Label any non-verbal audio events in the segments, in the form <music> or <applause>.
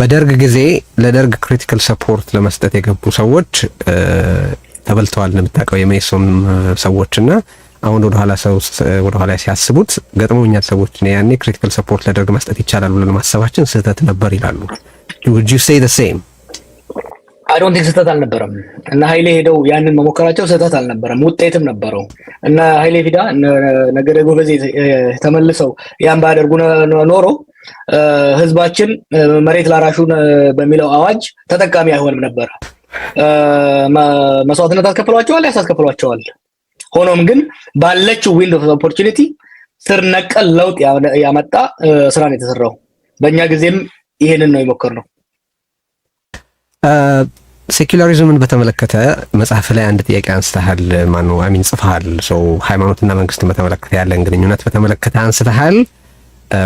በደርግ ጊዜ ለደርግ ክሪቲካል ሰፖርት ለመስጠት የገቡ ሰዎች ተበልተዋል። እንደምታውቀው የሜሶን ሰዎችና አሁን ወደ ኋላ ሰው ወደ ኋላ ሲያስቡት ገጥሞኛል ሰዎች ያኔ ክሪቲካል ሰፖርት ለደርግ መስጠት ይቻላል ብለን ማሰባችን ስህተት ነበር ይላሉ። would you say the same አዶንት ቲንክ ስህተት አልነበረም እና ሀይሌ ሄደው ያንን መሞከራቸው ስህተት አልነበረም፣ ውጤትም ነበረው እና ሀይሌ ፊዳ ነገደ ጎበዜ ተመልሰው ያን ባያደርጉ ኖሮ ህዝባችን መሬት ላራሹን በሚለው አዋጅ ተጠቃሚ አይሆንም ነበረ። መስዋዕትነት አስከፍሏቸዋል፣ ያሳስከፍሏቸዋል። ሆኖም ግን ባለችው ዊንድ ኦፍ ኦፖርቹኒቲ ስር ነቀል ለውጥ ያመጣ ስራ ነው የተሰራው። በእኛ ጊዜም ይሄንን ነው ነው ሴኩላሪዝምን በተመለከተ መጽሐፍ ላይ አንድ ጥያቄ አንስተሃል። ማኑ አሚን ጽፈሃል። ሰው ሃይማኖትና መንግስትን በተመለከተ ያለን ግንኙነት በተመለከተ አንስተሃል።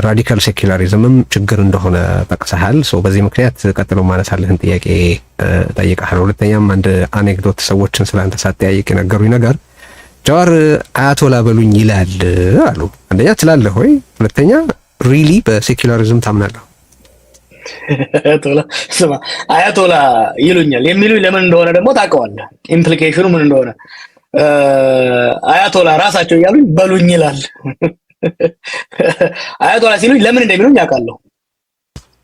ራዲካል ሴኩላሪዝምም ችግር እንደሆነ ጠቅሰሃል። ሰው በዚህ ምክንያት ቀጥሎ ማነሳልህን ጥያቄ ጠይቀሃል። ሁለተኛም አንድ አኔክዶት ሰዎችን ስለ ሳትጠያይቅ የነገሩኝ ነገር ጃዋር አያቶላ በሉኝ ይላል አሉ። አንደኛ ትላለህ ወይ? ሁለተኛ ሪሊ በሴኩላሪዝም ታምናለሁ? <laughs> አያቶላ ይሉኛል የሚሉኝ ለምን እንደሆነ ደግሞ ታውቀዋለህ። ኢምፕሊኬሽኑ ምን እንደሆነ አያቶላ ራሳቸው እያሉኝ በሉኝ ይላል። <laughs> አያቶላ ሲሉኝ ለምን እንደሚሉኝ አውቃለሁ፣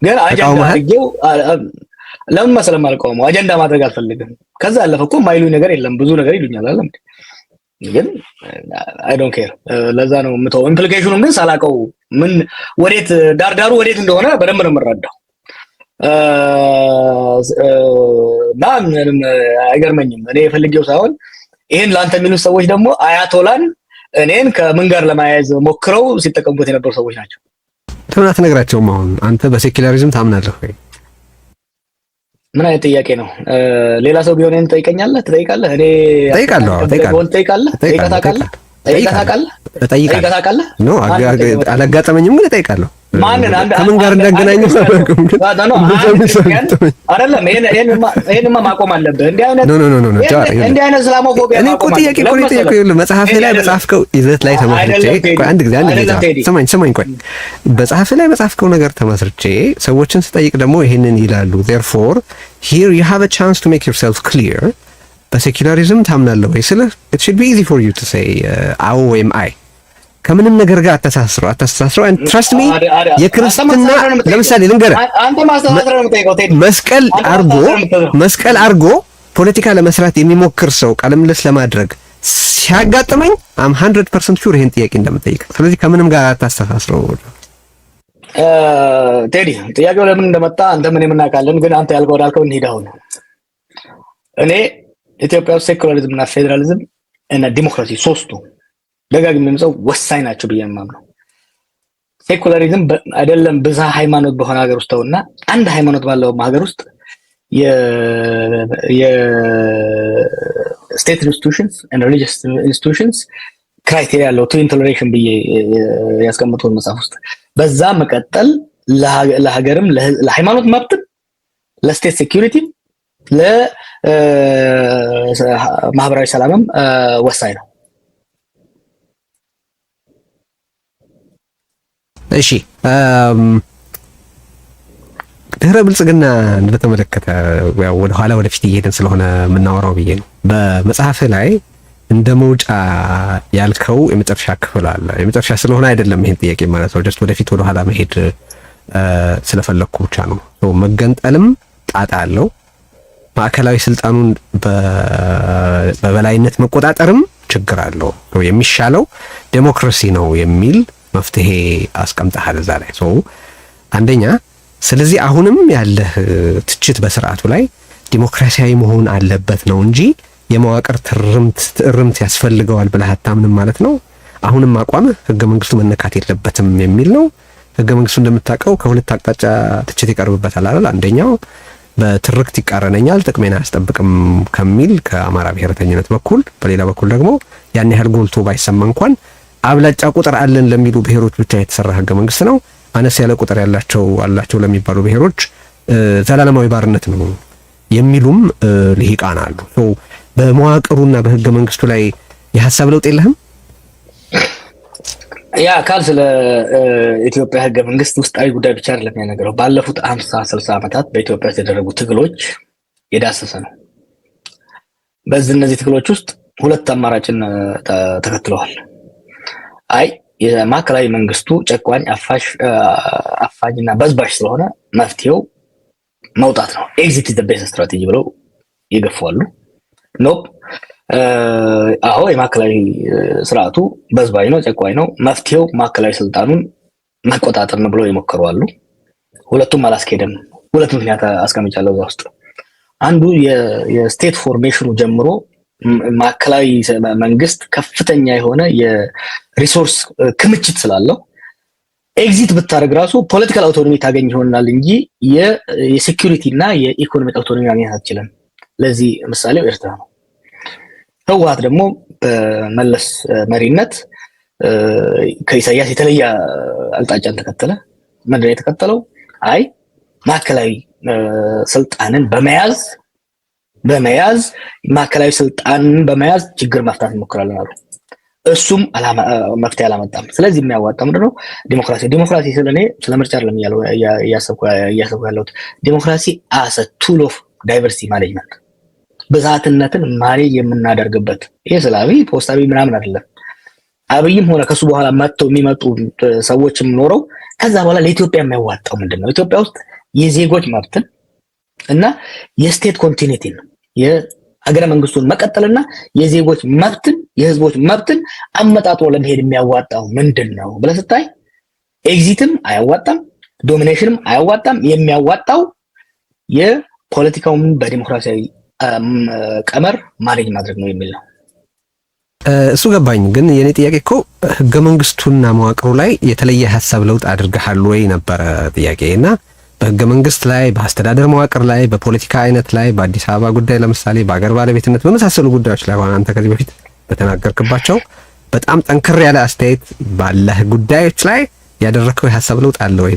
ግን አጀንዳ አድርጌው ለምን መሰለህ የማልቀውመው አጀንዳ ማድረግ አልፈልግም። ከዛ ያለፈ እኮ የማይሉኝ ነገር የለም ብዙ ነገር ይሉኛል አለ ግን አይ ዶንት ኬር ለዛ ነው የምተው። ኢምፕሊኬሽኑን ግን ሳላውቀው ምን ወዴት ዳርዳሩ ወዴት እንደሆነ በደንብ ነው የምረዳው። እና ምንም አይገርመኝም። እኔ የፈልጌው ሳይሆን ይህን ለአንተ የሚሉት ሰዎች ደግሞ አያቶላን እኔን ከምን ጋር ለማያያዝ ሞክረው ሲጠቀሙበት የነበሩ ሰዎች ናቸው። ለምን አትነግራቸውም? አሁን አንተ በሴኪላሪዝም ታምናለህ ወይ? ምን አይነት ጥያቄ ነው? ሌላ ሰው ቢሆን ይሄን ትጠይቀኛለህ? ትጠይቃለህ? እኔ ጠይቃለሁ። ጠይቃለህ? ጠይቃታለህ? እጠይቃለሁ። ኖ አላጋጠመኝም፣ ግን እጠይቃለሁ። ከምን ጋር እንዳገናኘው አይደለም። ይሄንማ ማቆም አለብህ። እንዲህ አይነት ላይ በጻፍከው ይዘት ላይ ተመስርቼ አንድ ጊዜ አንድ ጊዜ ስማኝ ስማኝ፣ ቆይ፣ ላይ በጻፍከው ነገር ተመስርቼ ሰዎችን ስጠይቅ ደግሞ ይሄንን ይላሉ ዜርፎር ሂር ዩ ሃቭ አ ቻንስ ቱ ሜክ ክሊር በሴኩላሪዝም ታምናለህ ወይ ስለ ኢት ሹድ ቢ ኢዚ ፎር ዩ ቱ ሴይ አዎ ወይም አይ ከምንም ነገር ጋር አተሳስሮ አተሳስሮ አንድ ትረስት ሚ የክርስትና ለምሳሌ ልንገርህ፣ መስቀል አርጎ መስቀል አርጎ ፖለቲካ ለመስራት የሚሞክር ሰው ቃለምልስ ለማድረግ ሲያጋጥመኝ አም 100% ሹር ይሄን ጥያቄ እንደምጠይቅ። ስለዚህ ከምንም ጋር አታስተሳስረው። ቴዲ ጥያቄው ለምን እንደመጣ አንተ ምን የምናውቃለን፣ ግን አንተ ያልከው ወዳልከው እንሂድ። አሁን እኔ ኢትዮጵያ ውስጥ ሴኩላሪዝም እና ፌዴራሊዝም እና ዲሞክራሲ ሶስቱ ደጋግም የምጽው ወሳኝ ናቸው ብዬ የማምነው። ሴኩላሪዝም አይደለም ብዝሃ ሃይማኖት በሆነ ሀገር ውስጥ ተውና አንድ ሃይማኖት ባለው ሀገር ውስጥ የስቴት ኢንስቲቱሽንስ ሪሊጂየስ ኢንስቲቱሽንስ ክራይቴሪያ ያለው ቱ ኢንቶለሬሽን ብዬ ያስቀምጡን መጽሐፍ ውስጥ በዛ መቀጠል ለሀገርም ለሃይማኖት መብትም ለስቴት ሴኪሪቲም ለማህበራዊ ሰላምም ወሳኝ ነው። እሺ ድህረ ብልጽግና በተመለከተ ወደ ኋላ ወደፊት እየሄድን ስለሆነ የምናወራው ብዬ ነው። በመጽሐፍ ላይ እንደ መውጫ ያልከው የመጨረሻ ክፍል አለ። የመጨረሻ ስለሆነ አይደለም ይሄን ጥያቄ ማለት ነው። ጀስት ወደፊት ወደኋላ መሄድ ስለፈለግኩ ብቻ ነው። መገንጠልም ጣጣ አለው ማዕከላዊ ስልጣኑን በበላይነት መቆጣጠርም ችግር አለው ነው የሚሻለው ዴሞክራሲ ነው የሚል መፍትሄ አስቀምጠሃል እዛ ላይ አንደኛ። ስለዚህ አሁንም ያለህ ትችት በስርዓቱ ላይ ዲሞክራሲያዊ መሆን አለበት ነው እንጂ የመዋቅር ትርምት ትርምት ያስፈልገዋል ብለህ አታምንም ማለት ነው። አሁንም አቋም ህገ መንግስቱ መነካት የለበትም የሚል ነው። ህገ መንግስቱ እንደምታውቀው ከሁለት አቅጣጫ ትችት ይቀርብበታል አይደል? አንደኛው በትርክት ይቃረነኛል፣ ጥቅሜን አያስጠብቅም ከሚል ከአማራ ብሔርተኝነት በኩል፣ በሌላ በኩል ደግሞ ያን ያህል ጎልቶ ባይሰማ እንኳን አብላጫ ቁጥር አለን ለሚሉ ብሔሮች ብቻ የተሰራ ህገ መንግስት ነው። አነስ ያለ ቁጥር ያላቸው አላቸው ለሚባሉ ብሔሮች ዘላለማዊ ባርነት ነው የሚሉም ልሂቃን አሉ። በመዋቅሩና በህገ መንግስቱ ላይ የሀሳብ ለውጥ የለህም። ያ አካል ስለ ኢትዮጵያ ህገ መንግስት ውስጣዊ ጉዳይ ብቻ አይደለም ያነገረው። ባለፉት አምሳ ስልሳ ዓመታት በኢትዮጵያ ውስጥ የተደረጉ ትግሎች የዳሰሰ ነው። በዚህ እነዚህ ትግሎች ውስጥ ሁለት አማራጭን ተከትለዋል። አይ የማዕከላዊ መንግስቱ ጨቋኝ እና በዝባሽ ስለሆነ መፍትሄው መውጣት ነው ኤግዚት ዘ ቤስት ስትራቴጂ ብለው ይገፋሉ። ኖፕ አዎ የማዕከላዊ ስርዓቱ በዝባይ ነው፣ ጨቋኝ ነው። መፍትሄው ማዕከላዊ ስልጣኑን መቆጣጠር ነው ብለው የሞከሩ አሉ። ሁለቱም አላስኬደም። ሁለት ምክንያት አስቀምጫለሁ እዛ ውስጥ አንዱ የስቴት ፎርሜሽኑ ጀምሮ ማዕከላዊ መንግስት ከፍተኛ የሆነ የሪሶርስ ክምችት ስላለው ኤግዚት ብታደርግ ራሱ ፖለቲካል አውቶኖሚ ታገኝ ይሆናል እንጂ የሴኪሪቲ እና የኢኮኖሚክ አውቶኖሚ ማግኘት አትችልም። ለዚህ ምሳሌው ኤርትራ ነው። ህወሓት ደግሞ በመለስ መሪነት ከኢሳያስ የተለየ አቅጣጫን ተከተለ። ምንድነው የተከተለው? አይ ማዕከላዊ ስልጣንን በመያዝ በመያዝ ማዕከላዊ ስልጣንን በመያዝ ችግር መፍታት እንሞክራለን አሉ። እሱም መፍትሄ አላመጣም። ስለዚህ የሚያዋጣ ምንድነው? ዲሞክራሲ ዲሞክራሲ ስለ እኔ ስለ ምርጫ አይደለም እያሰብኩ ያለሁት ዲሞክራሲ አሰ ቱል ኦፍ ዳይቨርሲቲ ማኔጅመንት ብዛትነትን ማሪ የምናደርግበት ይሄ ስለ አብይ ፖስት አብይ ምናምን አይደለም። አብይም ሆነ ከሱ በኋላ መጥተው የሚመጡ ሰዎች የምኖረው ከዛ በኋላ ለኢትዮጵያ የማይዋጣው ምንድን ነው? ኢትዮጵያ ውስጥ የዜጎች መብትን እና የስቴት ኮንቲኒቲ ነው የሀገረ መንግስቱን መቀጠልና የዜጎች መብትን የህዝቦች መብትን አመጣጥሮ ለመሄድ የሚያዋጣው ምንድን ነው ብለህ ስታይ ኤግዚትም አያዋጣም፣ ዶሚኔሽንም አያዋጣም። የሚያዋጣው የፖለቲካውም በዲሞክራሲያዊ ቀመር ማኔጅ ማድረግ ነው የሚል ነው። እሱ ገባኝ። ግን የኔ ጥያቄ እኮ ህገ መንግስቱና መዋቅሩ ላይ የተለየ ሀሳብ ለውጥ አድርገሃል ወይ ነበረ ጥያቄ እና በህገ መንግስት ላይ በአስተዳደር መዋቅር ላይ በፖለቲካ አይነት ላይ በአዲስ አበባ ጉዳይ ለምሳሌ በአገር ባለቤትነት በመሳሰሉ ጉዳዮች ላይ ሆነ አንተ ከዚህ በፊት በተናገርክባቸው በጣም ጠንከር ያለ አስተያየት ባለህ ጉዳዮች ላይ ያደረግከው የሀሳብ ለውጥ አለ ወይ?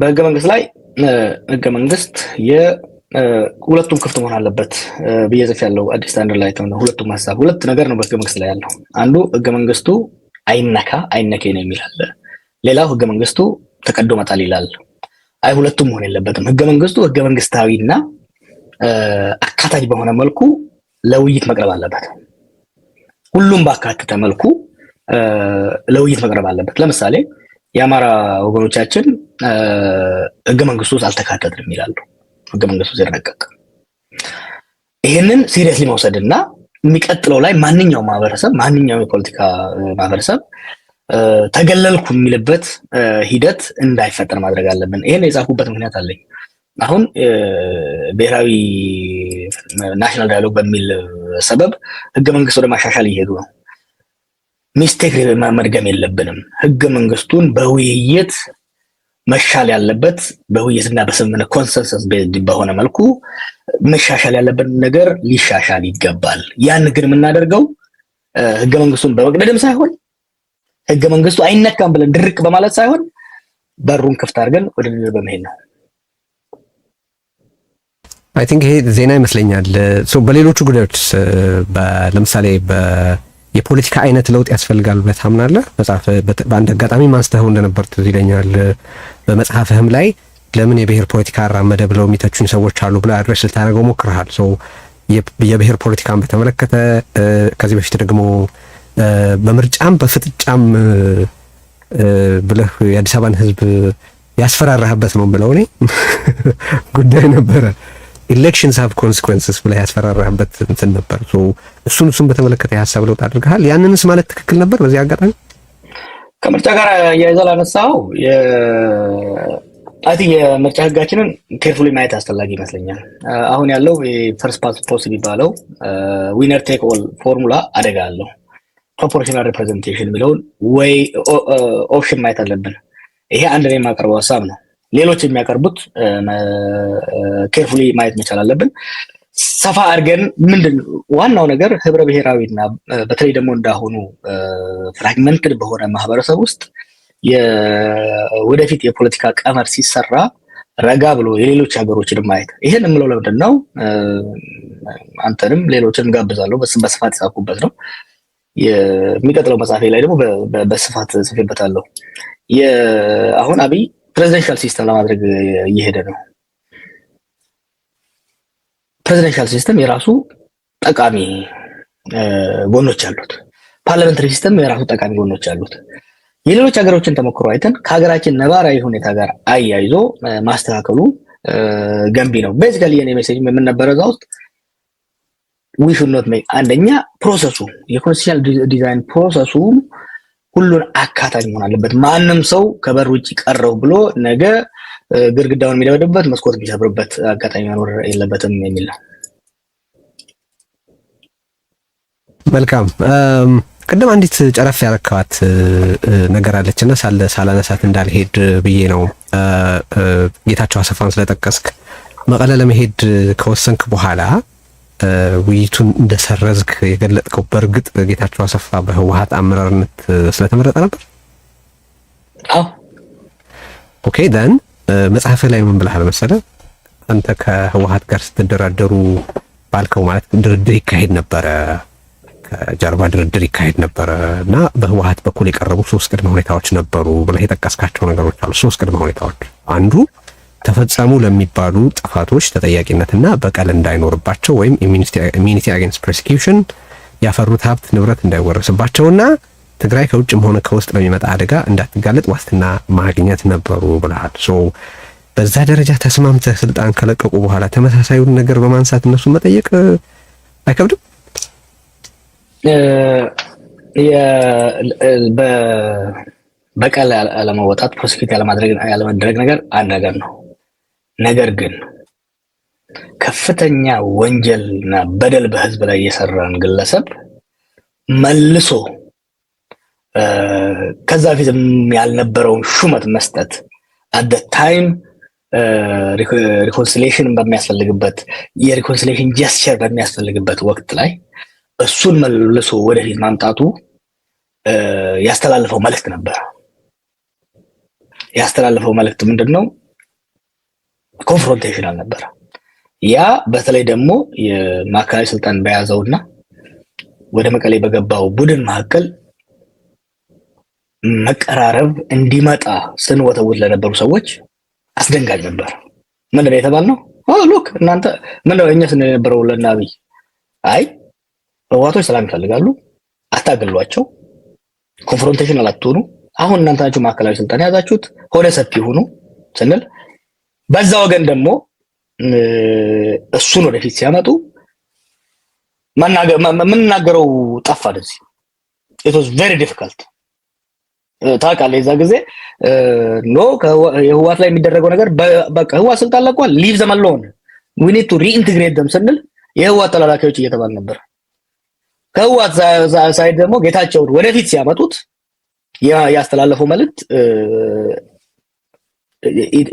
በህገ መንግስት ላይ ህገ መንግስት ሁለቱም ክፍት መሆን አለበት ብዬ ጽፍ ያለው አዲስ ስታንዳርድ ላይ ተምነ ሁለቱም ሀሳብ ሁለት ነገር ነው በህገ መንግስት ላይ ያለው። አንዱ ህገ መንግስቱ አይነካ አይነኬ ነው የሚል አለ። ሌላው ህገ መንግስቱ ተቀዶ መጣል ይላል። አይ ሁለቱም መሆን የለበትም። ህገ መንግስቱ ህገ እና አካታች በሆነ መልኩ ለውይይት መቅረብ አለበት። ሁሉም ባካተተ መልኩ ለውይይት መቅረብ አለበት። ለምሳሌ የአማራ ወገኖቻችን ህገ መንግስቱ ውስጥ አልተካተትንም ይላሉ። ህገ መንግስቱ ሲረቀቅ ይህንን ሲሪየስሊ መውሰድ እና የሚቀጥለው ላይ ማንኛውም ማህበረሰብ ማንኛውም የፖለቲካ ማህበረሰብ ተገለልኩ የሚልበት ሂደት እንዳይፈጠር ማድረግ አለብን። ይህን የጻፉበት ምክንያት አለኝ። አሁን ብሔራዊ ናሽናል ዳያሎግ በሚል ሰበብ ህገ መንግስት ወደ ማሻሻል እየሄዱ ነው። ሚስቴክ መድገም የለብንም። ህገ መንግስቱን በውይይት መሻል ያለበት በውይይትና በስምምነት ኮንሰንሰስ በሆነ መልኩ መሻሻል ያለበት ነገር ሊሻሻል ይገባል። ያን ግን የምናደርገው ህገ መንግስቱን በመቅደድም ሳይሆን ህገ መንግስቱ አይነካም ብለን ድርቅ በማለት ሳይሆን በሩን ክፍት አድርገን ወደ ድር በመሄድ ነው። አይ ቲንክ ይሄ ዜና ይመስለኛል። በሌሎቹ ጉዳዮች ለምሳሌ የፖለቲካ አይነት ለውጥ ያስፈልጋል ብለህ ታምናለህ? መጽሐፍ በአንድ አጋጣሚ ማንስተኸው እንደነበር ትዝ ይለኛል። በመጽሐፍህም ላይ ለምን የብሔር ፖለቲካ አራመደ ብለው የሚተቹኝ ሰዎች አሉ ብለህ አድረስ ልታደርገው ሞክረሃል። ሰው የብሔር ፖለቲካን በተመለከተ ከዚህ በፊት ደግሞ በምርጫም በፍጥጫም ብለህ የአዲስ አበባን ህዝብ ያስፈራራህበት ነው ብለው እኔ <laughs> ጉዳይ ነበረ። ኢሌክሽንስ ሀብ ኮንሲኩዌንስስ ብላ ያስፈራራህበት እንትን ነበር። እሱን እሱን በተመለከተ የሀሳብ ለውጥ አድርገሃል። ያንንስ ማለት ትክክል ነበር። በዚህ አጋጣሚ ከምርጫ ጋር እያይዘህ አይ ቲንክ የምርጫ ህጋችንን ኬርፉሊ ማየት አስፈላጊ ይመስለኛል። አሁን ያለው ፈርስት ፓስ ፖስት የሚባለው ዊነር ቴክ ኦል ፎርሙላ አደጋ አለው። ፕሮፖርሽናል ሪፕሬዘንቴሽን የሚለውን ወይ ኦፕሽን ማየት አለብን። ይሄ አንድ ላይ የማቀርበው ሀሳብ ነው። ሌሎች የሚያቀርቡት ኬርፉሊ ማየት መቻል አለብን። ሰፋ አድርገን ምንድን ዋናው ነገር ህብረ ብሔራዊና በተለይ ደግሞ እንዳሁኑ ፍራግመንትድ በሆነ ማህበረሰብ ውስጥ ወደፊት የፖለቲካ ቀመር ሲሰራ ረጋ ብሎ የሌሎች ሀገሮችን ማየት። ይህን የምለው ለምንድን ነው? አንተንም ሌሎችን ጋብዛለሁ። በስፋት የጻፍኩበት ነው። የሚቀጥለው መጽሐፌ ላይ ደግሞ በስፋት ጽፌበታለሁ። አሁን አብይ ፕሬዚደንሻል ሲስተም ለማድረግ እየሄደ ነው። ፕሬዚደንሻል ሲስተም የራሱ ጠቃሚ ጎኖች አሉት። ፓርላሜንታሪ ሲስተም የራሱ ጠቃሚ ጎኖች አሉት። የሌሎች ሀገሮችን ተሞክሮ አይተን ከሀገራችን ነባራዊ ሁኔታ ጋር አያይዞ ማስተካከሉ ገንቢ ነው። ቤዚካሊ የኔ ሜሴጅ የምንነበረ እዛ ውስጥ ዊ ሹድ ኖት ሜክ አንደኛ ፕሮሰሱ የኮንስቲቱሽናል ዲዛይን ፕሮሰሱ ሁሉን አካታች መሆን አለበት። ማንም ሰው ከበር ውጭ ቀረው ብሎ ነገ ግድግዳውን የሚደበድብበት መስኮት የሚሰብርበት አጋጣሚ መኖር የለበትም የሚል ነው። መልካም። ቅድም አንዲት ጨረፍ ያረካዋት ነገር አለች እና ሳላነሳት እንዳልሄድ ብዬ ነው። ጌታቸው አሰፋን ስለጠቀስክ መቀለ ለመሄድ ከወሰንክ በኋላ ውይይቱን እንደሰረዝክ የገለጥከው በእርግጥ ጌታቸው አሰፋ በህወሀት አመራርነት ስለተመረጠ ነበር? አዎ። ኦኬ ደን መጽሐፍ ላይ ምን ብለሃል መሰለ አንተ ከህወሀት ጋር ስትደራደሩ ባልከው ማለት ድርድር ይካሄድ ነበረ፣ ከጀርባ ድርድር ይካሄድ ነበረ እና በህወሀት በኩል የቀረቡ ሶስት ቅድመ ሁኔታዎች ነበሩ ብለህ የጠቀስካቸው ነገሮች አሉ። ሶስት ቅድመ ሁኔታዎች አንዱ ተፈጸሙ ለሚባሉ ጥፋቶች ተጠያቂነትና በቀል እንዳይኖርባቸው ወይም ኢሚኒቲ አጌንስት ፕሮሲኪዩሽን ያፈሩት ሀብት ንብረት እንዳይወረስባቸውና ትግራይ ከውጭም ሆነ ከውስጥ ለሚመጣ አደጋ እንዳትጋለጥ ዋስትና ማግኘት ነበሩ ብለሃል። በዛ ደረጃ ተስማምተህ ስልጣን ከለቀቁ በኋላ ተመሳሳዩን ነገር በማንሳት እነሱን መጠየቅ አይከብድም? በቀል ያለመወጣት ፕሮሲኪዩት ያለማድረግ ነገር አንድ ነገር ነው። ነገር ግን ከፍተኛ ወንጀልና በደል በህዝብ ላይ የሰራን ግለሰብ መልሶ ከዛ ፊትም ያልነበረውን ሹመት መስጠት አደ ታይም ሪኮንሲሌሽን በሚያስፈልግበት የሪኮንሲሌሽን ጀስቸር በሚያስፈልግበት ወቅት ላይ እሱን መልሶ ወደፊት ማምጣቱ ያስተላለፈው መልእክት ነበር። ያስተላለፈው መልእክት ምንድን ነው? ኮንፍሮንቴሽን አልነበረ። ያ በተለይ ደግሞ የማዕከላዊ ስልጣን በያዘውና ወደ መቀሌ በገባው ቡድን መካከል መቀራረብ እንዲመጣ ስንወተውት ለነበሩ ሰዎች አስደንጋጭ ነበር። ምንድን ነው የተባልነው? ሉክ እናንተ ምን ነው እኛ ስንል የነበረው ለእነ አብይ አይ ህወሓቶች ሰላም ይፈልጋሉ፣ አታገሏቸው፣ ኮንፍሮንቴሽን አላትሆኑ፣ አሁን እናንተ ናችሁ ማዕከላዊ ስልጣን የያዛችሁት፣ ሆደ ሰፊ ሁኑ ስንል በዛ ወገን ደግሞ እሱን ወደፊት ሲያመጡ የምንናገረው ጠፋ። ደዚህ ኢት ዋዝ ቬሪ ዲፊካልት ታውቃለህ። የዛ ጊዜ ኖ የህዋት ላይ የሚደረገው ነገር በቃ ህዋት ስልጣን ለቋል፣ ሊቭ ዘመን አሎን ዊ ኒድ ቱ ሪኢንትግሬት ደም ስንል የህዋት ተላላኪዎች እየተባል ነበር። ከህዋት ሳይድ ደግሞ ጌታቸውን ወደፊት ሲያመጡት ያስተላለፈው መልእክት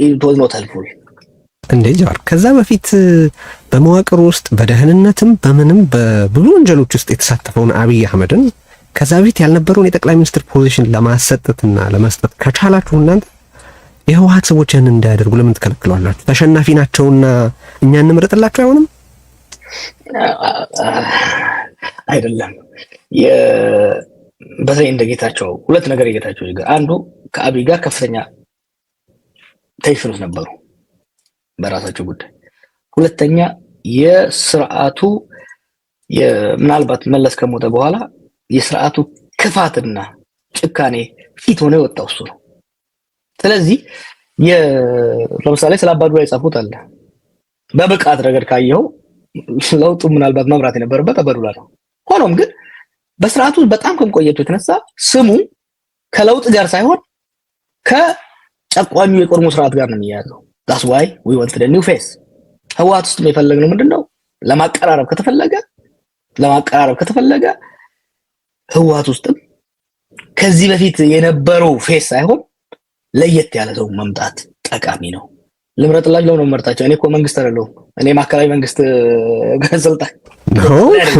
ኢት ኖት ሄልፕፉል እንዴ ጃር ከዛ በፊት በመዋቅር ውስጥ በደህንነትም በምንም በብዙ ወንጀሎች ውስጥ የተሳተፈውን አብይ አህመድን ከዛ በፊት ያልነበረውን የጠቅላይ ሚኒስትር ፖዚሽን ለማሰጠትና ለመስጠት ከቻላችሁ እናንተ የህወሓት ሰዎች ያን እንዳያደርጉ ለምን ትከለክሏላችሁ? ተሸናፊ ናቸውና እኛ እንምረጥላችሁ አይሆንም። አይደለም በተለይ እንደ ጌታቸው ሁለት ነገር የጌታቸው አንዱ ከአብይ ጋር ከፍተኛ ተሽሪፍ ነበሩ በራሳቸው ጉዳይ። ሁለተኛ የስርዓቱ ምናልባት መለስ ከሞተ በኋላ የስርዓቱ ክፋትና ጭካኔ ፊት ሆኖ የወጣው እሱ ነው። ስለዚህ ለምሳሌ ስለ አባዱላ የጻፉት አለ። በብቃት ረገድ ካየው ለውጡ ምናልባት መምራት የነበረበት አባዱላ ነው። ሆኖም ግን በስርዓቱ በጣም ከመቆየቱ የተነሳ ስሙ ከለውጥ ጋር ሳይሆን ጨቋኙ የቆድሞ ስርዓት ጋር ነው የሚያያዘው። ዳስ ዋይ ዊ ወንት ደ ኒው ፌስ። ህወሓት ውስጥ የፈለግነው ነው? ለማቀራረብ ከተፈለገ ለማቀራረብ ከተፈለገ ህወሓት ውስጥም ከዚህ በፊት የነበረው ፌስ ሳይሆን ለየት ያለ ሰው መምጣት ጠቃሚ ነው። ልምረጥላችሁ ለምን መርታቸው? እኔ እኮ መንግስት አይደለሁም። እኔ ማዕከላዊ መንግስት ስልጣን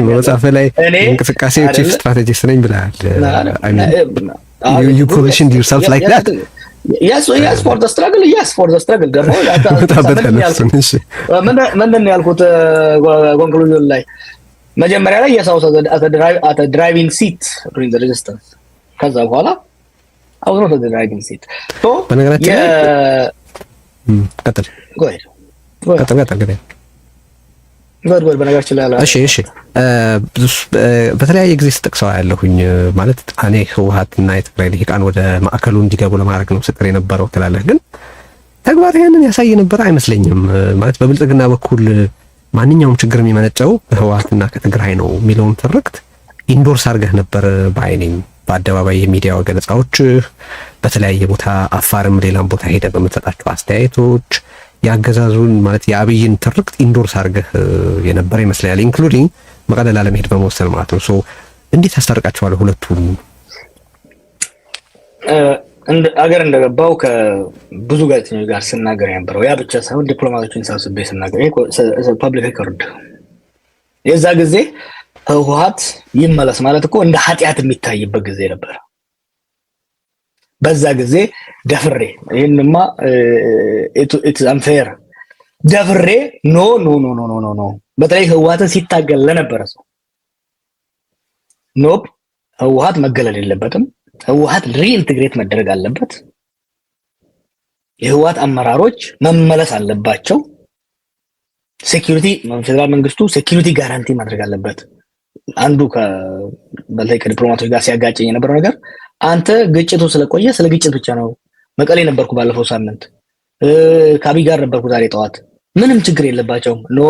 በመጽሐፍ ላይ እንቅስቃሴ ቺፍ ስትራቴጂስት ነኝ ብለሃል። ስፖርት ስትራግል ስፖርት ስትራግል ደግሞ ምንድን ያልኩት ኮንክሉዥን ላይ መጀመሪያ ላይ የሳውስ አተ ድራይቪንግ ሲት ዱሪንግ ዘ ሬዚስተንስ ከዛ በኋላ አውዝ ኖት ድራይቪንግ ሲት በነገራችን ላይ በነገራችን ላይ እሺ እሺ በተለያየ ጊዜ ስጠቅሰው ያለሁኝ ማለት እኔ ህወሀትና የትግራይ ልሂቃን ወደ ማዕከሉ እንዲገቡ ለማድረግ ነው ስጥር የነበረው ትላለህ ግን ተግባር ይህንን ያሳይ ነበር አይመስለኝም ማለት በብልጽግና በኩል ማንኛውም ችግር የሚመነጨው ከህወሀትና ከትግራይ ነው የሚለውን ትርክት ኢንዶርስ አድርገህ ነበር በአይኔም በአደባባይ የሚዲያ ገለጻዎች በተለያየ ቦታ አፋርም ሌላም ቦታ ሄደ በምትሰጣቸው አስተያየቶች የአገዛዙን ማለት የአብይን ትርክት ኢንዶርስ አድርገህ የነበረ ይመስለኛል። ኢንክሉዲንግ መቀለ ላለመሄድ በመወሰን ማለት ነው። እንዴት ታስታርቃቸዋለህ ሁለቱም? አገር እንደገባው ከብዙ ጋዜጠኞች ጋር ስናገር የነበረው ያ ብቻ ሳይሆን ዲፕሎማቶችን ሰብስቤ ስናገር ፐብሊክ ሪኮርድ የዛ ጊዜ ህወሀት ይመለስ ማለት እኮ እንደ ኃጢአት የሚታይበት ጊዜ ነበር። በዛ ጊዜ ደፍሬ ይህንማ ኢትስ አንፌር ደፍሬ ኖ ኖ ኖ ኖ ኖ ኖ በተለይ ህወሓትን ሲታገል ለነበረ ሰው ኖብ ህወሓት መገለል የለበትም። ህወሓት ሪኢንትግሬት መደረግ አለበት። የህወሓት አመራሮች መመለስ አለባቸው። ሴኪሪቲ ፌዴራል መንግስቱ ሴኪሪቲ ጋራንቲ ማድረግ አለበት። አንዱ በተለይ ከዲፕሎማቶች ጋር ሲያጋጨኝ የነበረው ነገር አንተ ግጭቱ ስለቆየ ስለ ግጭት ብቻ ነው። መቀሌ ነበርኩ ባለፈው ሳምንት ከአብይ ጋር ነበርኩ ዛሬ ጠዋት። ምንም ችግር የለባቸውም። ኖ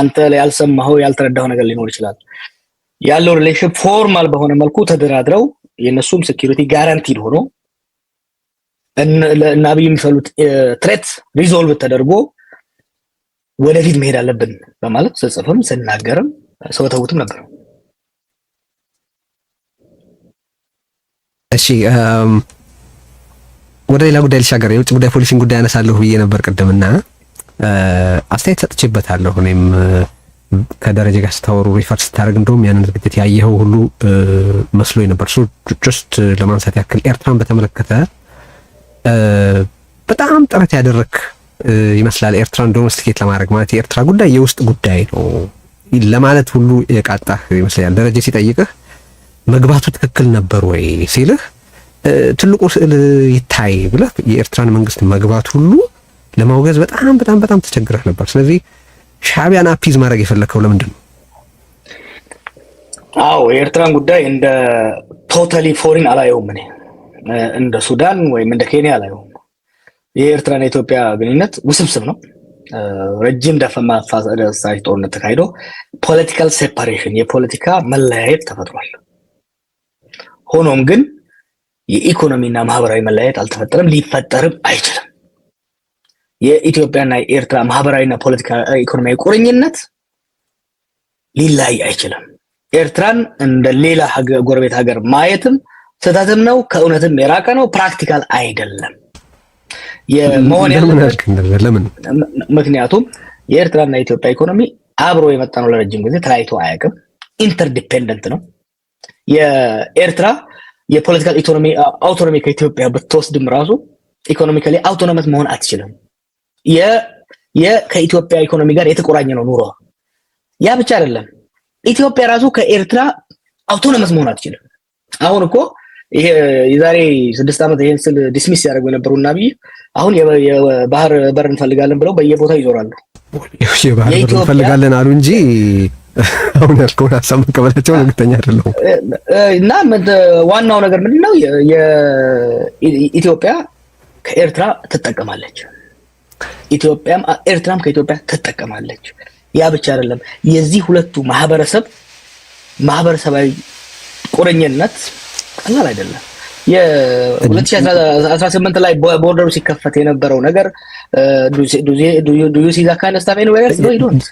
አንተ ያልሰማኸው ያልተረዳው ነገር ሊኖር ይችላል። ያለው ሪሌሽን ፎርማል በሆነ መልኩ ተደራድረው የእነሱም ሴኪሪቲ ጋራንቲድ ሆኖ እና አብይ የሚፈሉት ትሬት ሪዞልቭ ተደርጎ ወደፊት መሄድ አለብን በማለት ስጽፍም ስናገርም ሰው ተውትም ነበር። እሺ ወደ ሌላ ጉዳይ ልሻገር። የውጭ ጉዳይ ፖሊሲን ጉዳይ አነሳለሁ ብዬ ነበር ቅድምና አስተያየት ሰጥቼበታለሁ። እኔም ከደረጀ ጋር ስታወሩ ሪፈር ስታደርግ እንደውም ያንን ዝግጅት ያየኸው ሁሉ መስሎ ነበር። እሱ ጀስት ለማንሳት ያክል ኤርትራን በተመለከተ በጣም ጥረት ያደረክ ይመስላል። ኤርትራን ዶሜስቲኬት ለማድረግ ማለት የኤርትራ ጉዳይ የውስጥ ጉዳይ ነው ለማለት ሁሉ የቃጣህ ይመስለኛል። ደረጀ ሲጠይቅህ መግባቱ ትክክል ነበር ወይ ሲልህ ትልቁ ስዕል ይታይ ብለህ የኤርትራን መንግስት መግባት ሁሉ ለማውገዝ በጣም በጣም በጣም ተቸግረህ ነበር። ስለዚህ ሻቢያን አፒዝ ማድረግ የፈለግከው ለምንድን ነው? አዎ የኤርትራን ጉዳይ እንደ ቶታሊ ፎሪን አላየውም። እኔ እንደ ሱዳን ወይም እንደ ኬንያ አላየውም። የኤርትራና የኢትዮጵያ ግንኙነት ውስብስብ ነው። ረጅም ደፈማ ማፋሰስ ጦርነት ተካሂዶ ፖለቲካል ሴፓሬሽን የፖለቲካ መለያየት ተፈጥሯል። ሆኖም ግን የኢኮኖሚና ማህበራዊ መለያየት አልተፈጠረም፣ ሊፈጠርም አይችልም። የኢትዮጵያና የኤርትራ ማህበራዊና ፖለቲካ ኢኮኖሚያዊ ቁርኝነት ሊላይ አይችልም። ኤርትራን እንደ ሌላ ጎረቤት ሀገር ማየትም ስህተትም ነው፣ ከእውነትም የራቀ ነው፣ ፕራክቲካል አይደለም የመሆን ምክንያቱም የኤርትራና የኢትዮጵያ ኢኮኖሚ አብሮ የመጣ ነው። ለረጅም ጊዜ ተለያይቶ አያውቅም። ኢንተርዲፔንደንት ነው። የኤርትራ የፖለቲካል አውቶኖሚ ከኢትዮጵያ ብትወስድም ራሱ ኢኮኖሚካሊ አውቶኖመት መሆን አትችልም። ከኢትዮጵያ ኢኮኖሚ ጋር የተቆራኘ ነው ኑሮ። ያ ብቻ አይደለም፣ ኢትዮጵያ ራሱ ከኤርትራ አውቶኖመስ መሆን አትችልም። አሁን እኮ ይሄ የዛሬ ስድስት ዓመት ይህን ስል ዲስሚስ ያደርጉ የነበሩ እና አሁን የባህር በር እንፈልጋለን ብለው በየቦታው ይዞራሉ። የባህር በር እንፈልጋለን አሉ እንጂ አሁን ያልከውን ሀሳብ መቀበላቸውን እርግጠኛ አይደለሁም እና ዋናው ነገር ምንድነው ኢትዮጵያ ከኤርትራ ትጠቀማለች፣ ኢትዮጵያም ኤርትራም ከኢትዮጵያ ትጠቀማለች። ያ ብቻ አይደለም። የዚህ ሁለቱ ማህበረሰብ ማህበረሰባዊ ቁርኝነት ቀላል አይደለም። የ2018 ላይ ቦርደሩ ሲከፈት የነበረው ነገር ዱዩሲዛ ነስታፌን ወይስ ዶይዶንት